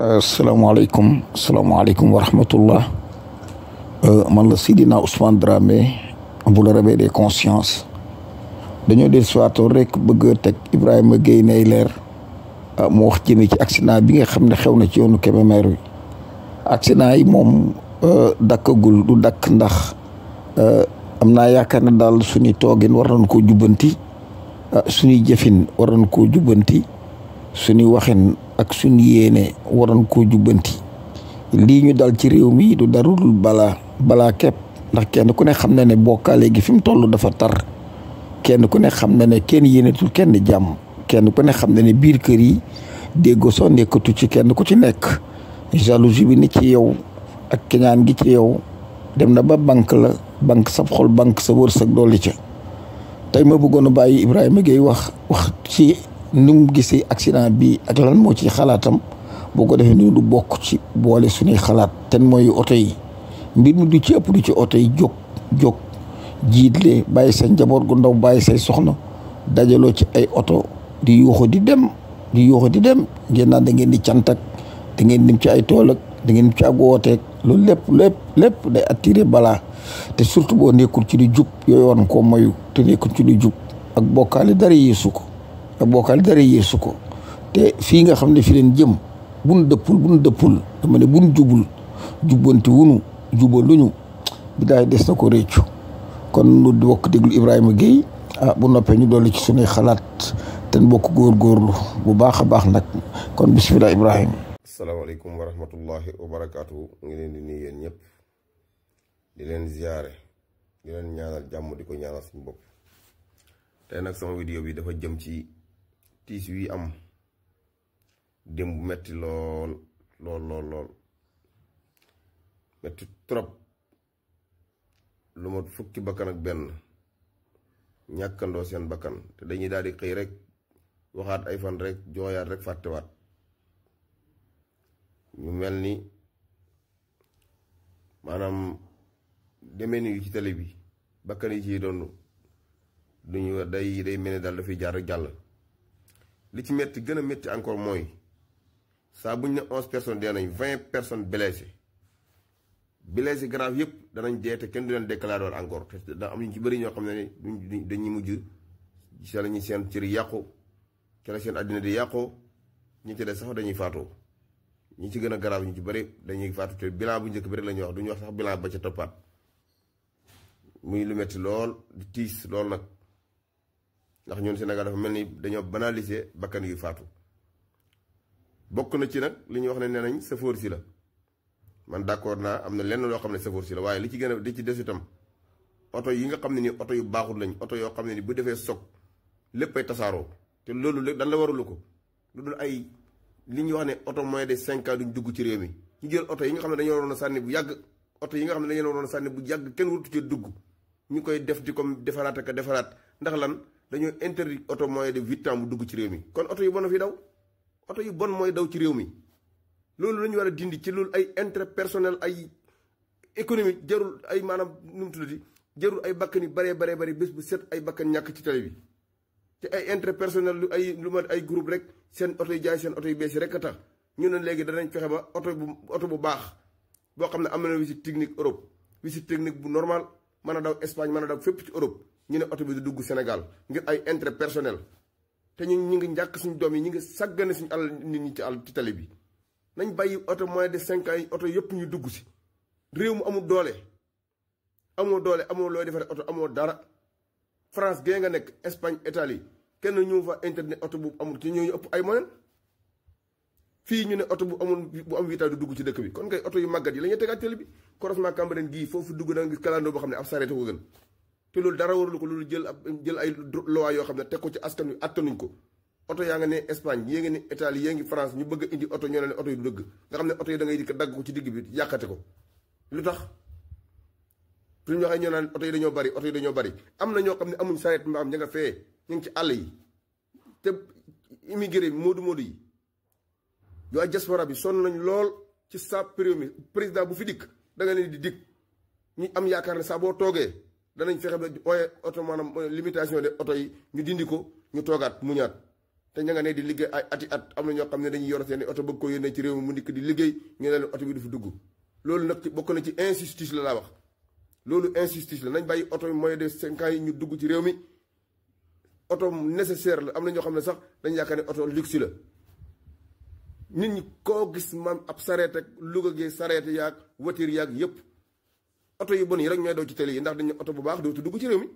asalaamaaleykum euh, asalaamaaleykum wa rahmatullah euh, man la Sidina Ousmane Dramé bu la de des dañoo de siwaatoon rek bëgg teg Ibrahima Gueye leer euh, mu wax jëme ci accident bi nga xam ne xew na ci yoonu Kébémer bi accident yi moom dakkagul du dakk ndax am naa yaakaar ne daal suñu toogin war nañ koo jubbanti suñuy jëfin war nañ koo jubbanti suñuy waxin ak suñ yéene waroon koo jubbanti lii ñu dal ci réew mi du darul balaa balaa kepp ndax kenn ku ne xam na ne bokkaale gi fi mu toll dafa tar kenn ku ne xam na ne kenn tul kenn jàmm kenn ku ne xam na ne biir kër yi déggoo soo nekkatu ci kenn ku ci nekk jalousie bi ni ci yow ak keñaan gi ci yow dem na ba banque la banque sab xol banque sa wërsëg dolli ca tey ma bëggoon a bàyyi Ibrahima Gueye wax wax ci ni mu gisee accident bi ak lan moo ci xalaatam boo ko defee ni du bokk ci boole suñuy xalaat ten mooy oto yi mbir mi du ci ëpp du ci oto yi jóg jiit jiitle bàyyi sa njaboot gu ndaw bàyyi say soxna dajaloo ci ay oto di yuuxu di dem di yuuxu di dem ngeen naan da ngeen di cantak da ngeen dem ci ay tool ak da ngeen ci ak wooteeg loolu lépp lépp day attiré balaa te surtout boo nekkul ci lu jub yooyu war nga koo moyu te nekkul ci lu jub ak bokkaale dara yeesu ko bokkaal dara yeesu ko te fii nga xam ne fi leen jëm bun dëppul bun dëppul dama ne bun jubul jubbanti wunu jubaluñu bidaay des na ko réccu kon nu bokk déglu Ibrahima Gueye ah bu noppee ñu dolli ci suñuy xalaat te bokk góor góorgóorlu bu baax a baax nag kon bisimilah Ibrahima. asalaamaaleykum wa rahmatullahi wa barakaatu ngi leen di nuyu yéen ñëpp di leen ziyaare di leen ñaanal jàmm di ko ñaanal suñu bopp tey nag sama vidéo bi dafa jëm ci. tiis wi am démb metti lool lool lool lool metti trop lu ma fukki bakkan ak benn ñàkkandoo seen bakkan te dañuy daal di xëy rek waxaat ay fan rekk jooyaat rek fàttewaat ñu mel ni maanaam demee yu ci télé bi bakkan yi ci doon duñu day day mel ni daal dafay jaar rek jàll li ci métti gën a métti encore mooy saa buñ ne onze personnes dee nañ vingt personnes blessées blessés grave yëpp danañ dee te kenn du leen déclaré woon encore te da am ñu ci bëri ñoo xam ne duñ dañuy mujj ci la ñuy seen cër yàqu ci la seen àddina di yàqu ñu ci des sax dañuy faatoo ñi ci gën a grave ñu ci bëri dañuy faatu te bilan bu njëkk bi rek la ñuy wax duñu wax sax bilan ba ca toppaat muy lu metti lool di tiis lool nag. ndax ñun Sénégal dafa mel ni dañoo banaliser bakkan yu faatu bokk na ci nag li ñuy wax ne nee nañ sëfoor si la man d'accord naa am na lenn loo xam ne sëfoor si la waaye li ci gën a li ci des itam oto yi nga xam ne ni oto yu baaxul lañ oto yoo xam ne ni bu defee soog léppay tasaaroo te loolu lépp dan la warulu ko lu dul ay li ñuy wax ne oto moyen de cinq dugg ci réew mi ñu jël oto yi nga xam ne dañoo waroon a sànni bu yàgg oto yi nga xam ne dañoo waroon a sànni bu yàgg kenn waratu ci dugg ñu koy def di comme defaraat ak defaraat ndax lan dañoo interdit oto moyen de huit ans dugg ci réew mi kon oto yi bon a fi daw oto yi bon mooy daw ci réew mi loolu lañu war a dindi ci loolu ay intérêt personnel ay économique jarul ay maanaam nu mu tuddati jarul ay bakkan yu baree baree bari bés bu set ay bakkan ñàkk ci tali bi te ay intérêt personnel lu ay lu mat ay groupe rek seen oto yi jaay seen oto yu bees yi rek a tax ñu ne léegi danañ fexe ba oto bu oto bu baax boo xam ne am na visite technique Europe visite technique bu normal mën a daw Espagne mën a daw fépp ci Europe ñu ne oto bi du dugg Sénégal ngir ay intérêt personnel te ñu ñu ngi njàkk suñu doom yi ñu ngi sàggane suñu alal nit ñi ci àll ci tali bi nañ bàyyi oto moins de cinq ans oto yëpp ñu dugg si réew mu amul doole amoo doole amoo looy oto amoo dara France nga nekk Espagne Italie kenn ñu fa oto bu amul ci ñooñu ëpp ay moyen fii ñu ne bu amul bu am witaa du dugg ci bi kon kay oto yu màggat yi la ñuy tegaat tali bi croisement Cambérène gii foofu dugg da nga gis kalandoo boo xam ne ab sareet ko gën te loolu dara waralu ko loolu jël ab jël ay loi yoo xam ne teg ko ci askan wi attanuñ ko oto yaa nga ne Espagne yée ngi ne Italie yée ngi France ñu bëgg a indi oto ñoo ne oto yu dëgg nga xam ne oto yi da ngay dikk dagg ko ci ko lu tax suñu waxee ñoo naan yi dañoo bari oto yi dañoo bari am na ñoo xam ne amuñ saret mbaam ña nga fee ñu ngi ci àll yi te immigré bi moodu moodu yi waa diaspora bi sonn nañ lool ci sa premier président bu fi dikk da nga leen di dikk ñu am yaakaar ne saa boo toogee danañ fexe ba ooye oto maanaam limitation de oto yi ñu dindi ko ñu toogaat mu ñaat te ña nga ne di liggéey ay ati at am na ñoo xam ne dañuy yor seen oto bëgg ko yónnee ci réew mi mu nikk di liggéey ñu ne leen oto bi du fi dugg loolu nag bokk na ci injustice la laa wax loolu injustice la nañ bàyyi oto yi moyen de cinq ans ñu dugg ci réew mi oto nécessaire la am na ñoo xam ne sax dañ yaakaar ne oto luxe la nit ñi koo gis man ab sareet ak Louga gee sareet yaag voiture yaag yëpp oto yu bon yi rek ñooy daw ci télé yi ndax dañu oto bu baax dootu dugg ci réew mi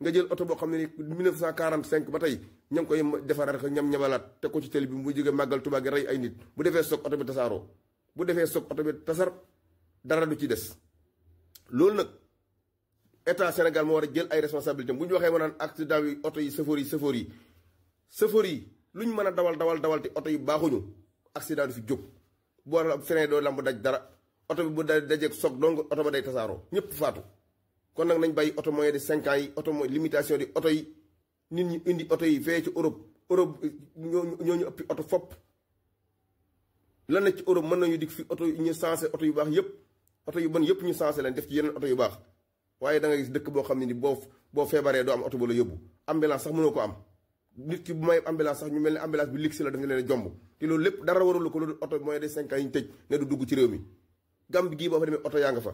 nga jël oto boo xam ne ni 1945 ba tey ña ngi koy defaraat ko ñam ñamalaat teg ko ci télé bi mu jóge màggal Tuubaa gi rey ay nit bu defee soog oto bi tasaaroo bu defee soog oto bi tasar dara du ci des loolu nag état senegal moo war a jël ay responsabilité bu ñu waxee ma naan accident yi oto yi sëfoor yi sëfoor yi sëfoor yi luñ mën a dawal dawal dawal te oto yi baaxuñu accident du fi jóg boo frein doo lamb daj dara oto bi bu dajeeg soog dong oto ba day tasaaroo ñëpp faatu kon nag nañ bàyyi oto moyen de cinq ans yi oto mooy limitation di oto yi nit ñi indi oto yi fee ci Europe Europe ñooñu ñooñu ëppi oto fopp lan na ci Europe mën nañu dig fi ñu sensé oto yu baax yëpp oto yu bon yëpp ñu sensé leen def ci yeneen oto yu baax waaye da nga gis dëkk boo xam ne ni boo boo feebaree doo am oto ba la yóbbu ambulance sax mënoo ko am nit ki bu may ambulance sax ñu mel ne ambulance bi ligsi la daf leen jomb te loolu lépp dara warul ko loolu oto moyen de cinq ans yi ñu tëj ne du dugg ci rée mi Gambie gii boo fa demee oto yaa nga fa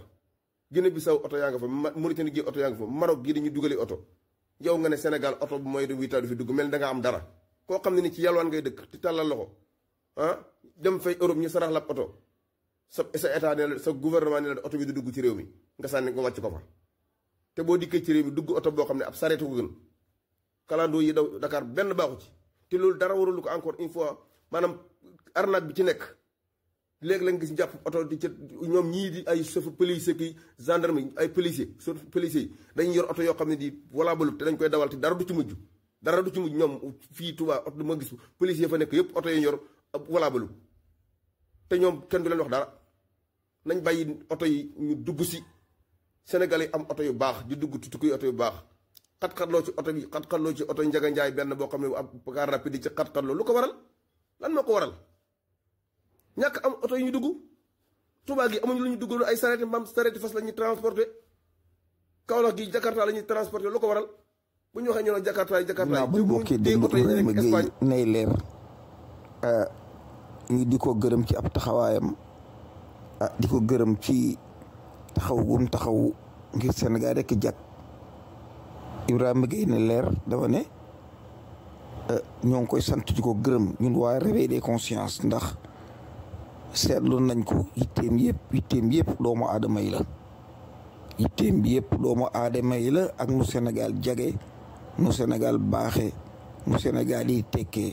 bi saw oto yaa nga fa Mauritanie gii oto yaa nga fa Maroc gii dañuy dugali oto yow nga ne senegal oto bu mooy de wiita du fi dugg mel ni danga am dara koo xam ne ni ci yalwaan ngay dëkk ci tàllal loxo ah dem fay Europe ñu sarax la oto sa sa état ne sa gouvernement ne la oto bi du dugg ci réew mi nga sànni ko wàcc ko fa te boo dikkee ci mi dugg oto boo xam ne ab sareetu ko gën kalandoo yi daw Dakar benn baaxu ci te loolu dara waralu ko encore une fois maanaam arnaque bi ci nekk léegi la gis jàpp oto di ca ñoom ñii di ay chef police ki gendarme ay policier chef policier yi dañuy yor oto yoo xam ne di wala te dañ koy dawal te dara du ci mujj dara du ci mujj ñoom fii Touba oto ma gis policier fa nekk yëpp oto yi ñu yor wala te ñoom kenn du leen wax dara nañ bàyyi oto yi ñu dugg si Sénégal yi am oto yu baax di dugg ci tukki oto yu baax xat-xatloo ci oto bi xat-xatloo ci oto njaganjaay benn boo xam ne ab car rapide yi ci xat-xatloo lu ko waral lan moo ko waral ñàkk am oto yi ñu dugg Touba gi amuñu lu ñu duggoon ay sareeti mbaam sareeti fas la ñuy transporté Kaolack gi Jakarta la ñuy transporté lu ko waral bu ñu waxee ñu ne Jakarta yi Jakarta yi. ñu nay leer euh, ñu di ko gërëm ci ab taxawaayam ah di ko gërëm ci taxaw gum taxaw ngir Sénégal rek jàkk Ibrahima Gueye ne leer dama ne euh, ñoo ngi koy sant di ko gërëm ñun waa réveil des consciences ndax. seetlu nañ ko yitteem yëpp yitteem yëpp doomu aadama yi la yitteem bi yëpp doomu aadama yi la ak nu Sénégal jage nu Sénégal baaxe nu Sénégal yi tekkee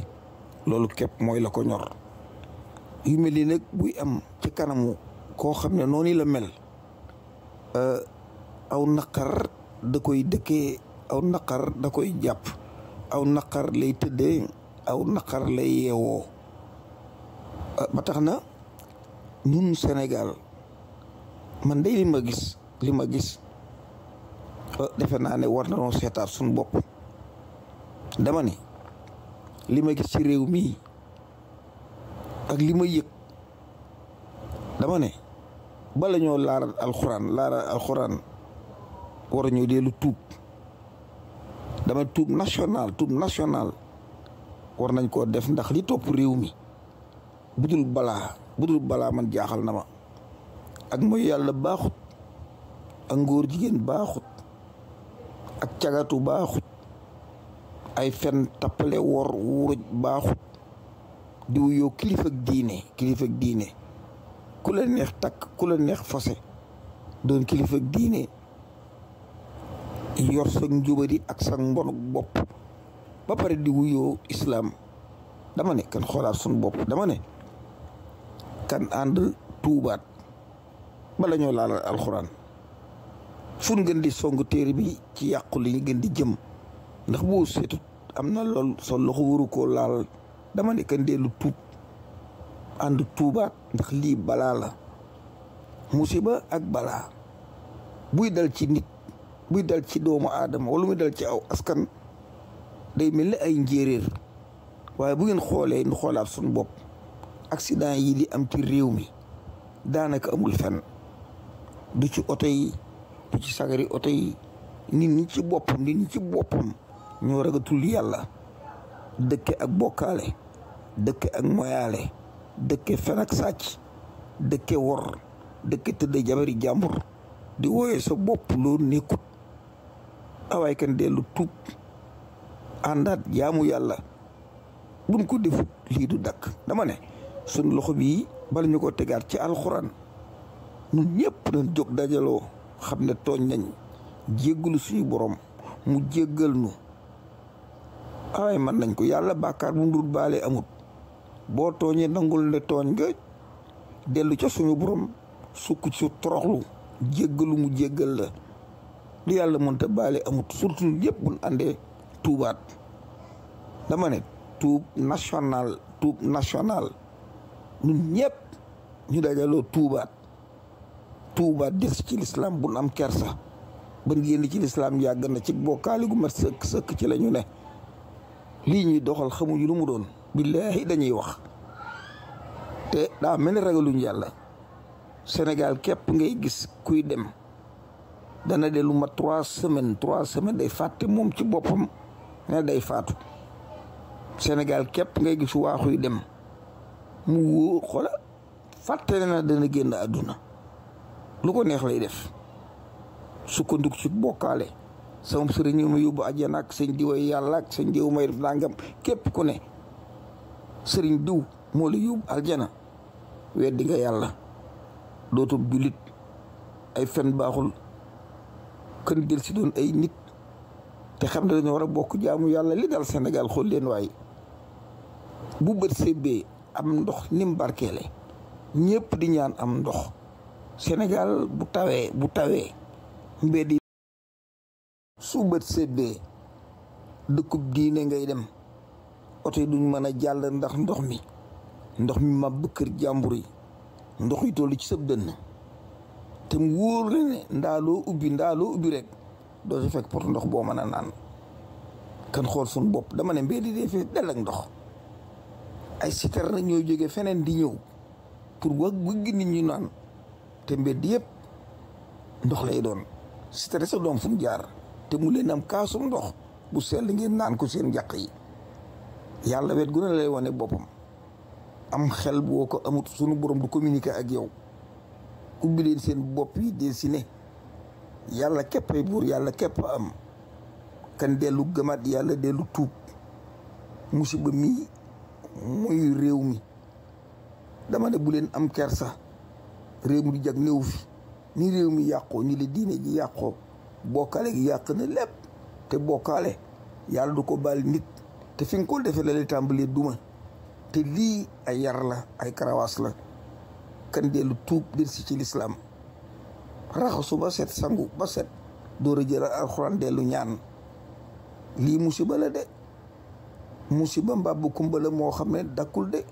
loolu képp mooy la ko ñor yu mel nag buy am ci kanamu koo xam ne noonu la mel eh, aw naqar da koy dëkkee aw naqar da koy jàpp aw naqar lay tëddee aw naqar lay yeewoo eh, ba tax na ñun Sénégal man day li ma gis li ma gis defe naa ne war nañoo seetaat suñu bopp dama ne li ma gis ci réew mii ak li ma yëg dama ne bala ñoo laaral alxuraan laaral alxuraan war ñoo dellu tuub dama tuub national tuub national war nañ koo def ndax li topp réew mi budul balaa budul balaa man jaaxal na ma ak mooy yàlla baaxut ak ngóor jigéen baaxut ak cagatu baaxut ay fen tappale wor wuruj baaxut diw yow kilifa giine kilifa giine diine ku la neex takk ku la neex fose doon kilifa giine diine yor sa njubadi ak sa mbonuk bopp ba pare di wuyoo islaam dama ne kan xoolaat sun bopp dama ne kan ànd tuubaat bala ñoo laalal alxuraan fun gën di song téere bi ci yàqu li gën di jëm ndax boo seetut am na lool loxo waru koo laal dama ne kan dellu tuub ànd tuubaat ndax lii balaa la musiba ak balaa buy dal ci nit buy dal ci doomu aadama walu muy dal ci aw askan day mel ni ay njéeréer waaye bu ngeen xoolee nu xoolaat suñu bopp accident yi di am ci réew mi daanaka amul fenn du ci oto yi ci sagari oto yi nit ñi ci boppam nit ñi ci boppam ñoo ragatul yàlla dëkke ak bokkaale dëkke ak moyaale dëkke fen ak sàcc dëkke wor dëkke tëdd jabari jàmbur di wooye sa bopp loo nekkut awaay kan dellu tuub àndaat jaamu yàlla buñ ko defut lii du dakk dama ne suñ loxo bii bala ñu ko tegaat ci alxuraan ñun ñëpp nañ jóg dajaloo xam ne tooñ nañ jéggalu suñu boroom mu jéggal nu ay man nañ ko yàlla bàkkaar bu ndul baale amut boo tooñee nangul ne tooñ nga dellu ca suñu borom sukk ci toroxlu jéggalu mu jéggal la lu yàlla mënta baale amut surtout ñëpp buñ àndee tuubaat dama ne tuub national tuub national ñun ñëpp ñu dajaloo tuubaat tuubaat des ci lislaam bu am kersa ban génn ci lislaam yàgg na ci bokkaali gu mat sëkk sëkk ci la ñu ne lii ñuy doxal xamuñu lu mu doon billaahi dañuy wax te daa mel ni ragaluñ yàlla Sénégal képp ngay gis kuy dem dana de lu ma trois semaines trois semaines day fàtte moom ci boppam ne day faatu Sénégal képp ngay gis waaxuy dem mu wóor xoola fàttale na dana génn àdduna lu ko neex lay def sukkandiku ci bokkaale sama sëriñ ma yóbbu àjjana ak sëñ diw yàlla ak sëñ diw may képp ku ne sëriñ diw moo la yóbbu aljana weddi yàlla dootul jullit ay fen baaxul kën jël si doon ay nit te xam ne dañoo war a bokk jaamu yàlla li dal Sénégal xool leen waay bu bët see am ndox ni mu barkeele ñëpp di ñaan am ndox Sénégal bu tawee bu tawee mbedd yi su bët sebbee dëkkub diine ngay dem oto yi duñ mën a jàll ndax ndox mi ndox mi ma kër jàmbur yi ndox yi toll ci sëb dënn te mu wóor la ndaaloo ubbi ndaaloo ubbi rek doo ci fekk pot ndox boo mën a naan kan xool suñu bopp dama ne mbedd dee fees dell ndox ay citerne ñoo jóge feneen di ñëw pour wag wëgg nit ñu naan te mbedd yëpp ndox lay doon citerne sa doom fu jaar te mu leen am kaasum ndox bu sell ngeen naan ko seen jàq yi yàlla wet gu ne lay wone boppam am xel boo ko amut sunu borom du communiquer ak yow ubbi leen seen bopp yi dessiné yàlla képp ay buur yàlla képp am kan dellu gëmaat yàlla dellu tuub musiba mi muy réew mi dama ne bu leen am kersa réew mi di jag néew fi ni réew mi yàqoo ni la diine ji yàqoo bokkaale gi yàq na lépp te bokkaale yàlla du ko baal nit te fi nga ko defee la lay tàmbalee duma te lii ay yar la ay karawaas la kan dellu tuub del ci lislaam raxasu ba set sangu ba set door a jël alxuraan dellu ñaan lii musiba la de musiba mbaa bu la moo xam ne dakkul de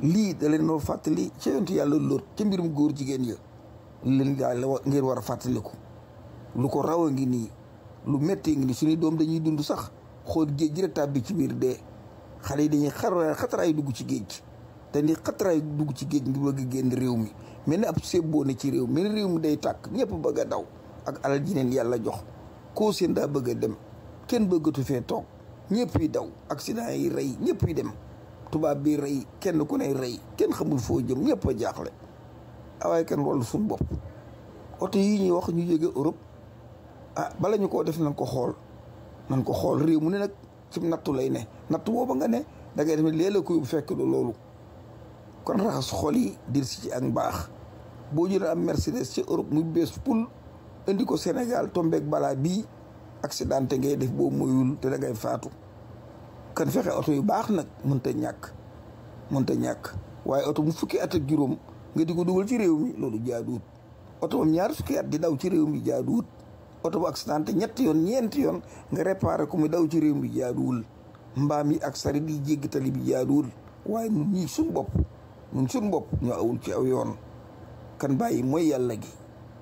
lii da leen noo fàttali ca yontu yàlla lóot ca mbirum góor jigéen ya leen yàlla ngir war a fàttaliku lu ko raw a ngi nii lu méttee ngi nii suñuy doom dañuy dund sax xool géej gi rek tàbbi ci biir dee xale yi dañuy xar xataraay dugg ci géej te ni xataraay dugg ci géej gi bëgg génn réew mi mel ni ab sébboo ne ci réew mel ni réew mi day tàkk ñëpp bëgg a daw ak alal ji neen yàlla jox koo seen daa bëgg a dem kenn bëggatu fee toog ñëpp yi daw accident yi rey ñëpp yi dem tubaab bi rey kenn ku ne rey kenn xamul foo jëm ñëpp a jaaxle waaye kenn wàllu suñu bopp oto yi ñuy wax ñu jóge Europe ah bala ñu koo def nañ ko xool nañ ko xool réew mu ne nag ci nattu lay ne nattu booba nga ne da ngay def ne bu fekk lu loolu kon raxas xol yi dir si ci ak mbaax boo jëlee am Mercedes ci Europe mu bees pul indi ko Sénégal tombeek balaa bii accidenté ngay def boo moyul te da ngay faatu kan fexe oto yu baax nag mënta ñàkk mënta ñàkk waaye oto bu fukki at juróom nga di ko dugal ci réew mi loolu jaaduwut oto moom ñaar fukki at di daw ci réew mi jaaduwut oto bu ñetti yoon ñeenti yoon nga réparé ko mu daw ci réew mi jaaduwul mbaam yi ak sarit yi jéggi tali bi jaaduwul waaye ñun ñii suñ bopp ñun suñ bopp ñoo awul ci aw yoon kan bàyyi mooy yàlla gi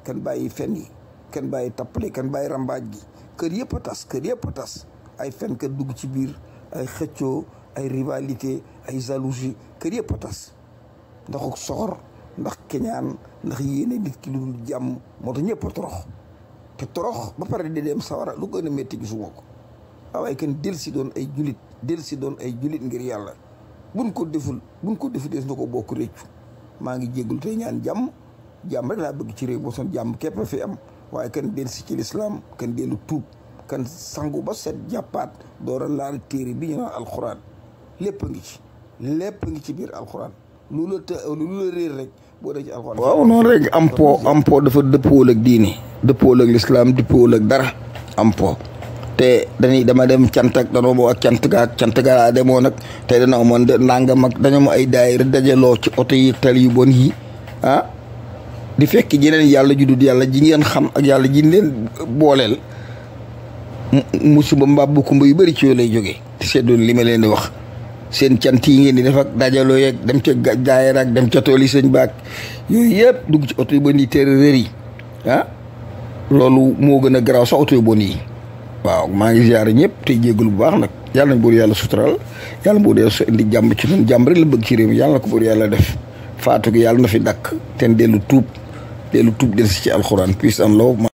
kan bàyyi fen yi kan bàyyi tappale kan bàyyi rambaaj gi kër yëpp a tas kër yëpp tas ay fenkat dugg ci biir ay xëccoo ay rivalité ay jalousie kër yëpp a tas ndaxuk soxor ndax keñaan ndax yéene nit ki lu dul jàmm moo tax ñëpp a torox te torox ba pare di dem sawara lu gën a métti gisuma ko waaye kenn del si doon ay julit del si doon ay julit ngir yàlla bun ko deful buñ ko deful des na ko bokk réccu maa ngi jéggul tey ñaan jàmm jàmm rek laa bëgg ci réew boo son jàmm képp fi am waaye kan dellu si ci lislaam kan dellu tuub kan sangu ba set jàppaat door a laal téere bi ñu naan alxuraan lépp a ngi ci biir alxuraan lu la të lu la réer rek boo dee rek am po am po dafa dëppool ak diini dëppool ak lislaam dëppool ak dara am te dañuy dama dem cant ak danoo boo ak cant cant gaa demoo nag te dana amoon nangam ak dañoo ma ay daayira dajaloo ci oto yi tel yu bon yi ah di fekk jeneen yàlla ju yàlla ji ngeen xam ak yàlla ji leen booleel musuba mbaa bu kumba yu bari ci yoo lay jóge te seddoon li ma leen di wax seen cant yi ngeen di def ak dajaloo yeeg dem ca gaayar ak dem ca tool yi sëñ baak yooyu yëpp dugg ci oto yu bon yi téere réer yi ah, loolu moo gën a garaaw sa oto yu bon yi waaw maa ngi ziare ñëpp te jégalu bu baax nag yàlla nañ buur yàlla sutural yàlla buur yàlla indi jàmm ci ñun la bëgg ci réew mi yàlla ko yàlla def faatu gi yàlla na fi dakk ten dellu tuub teelu tub del ci alxuraan puis am law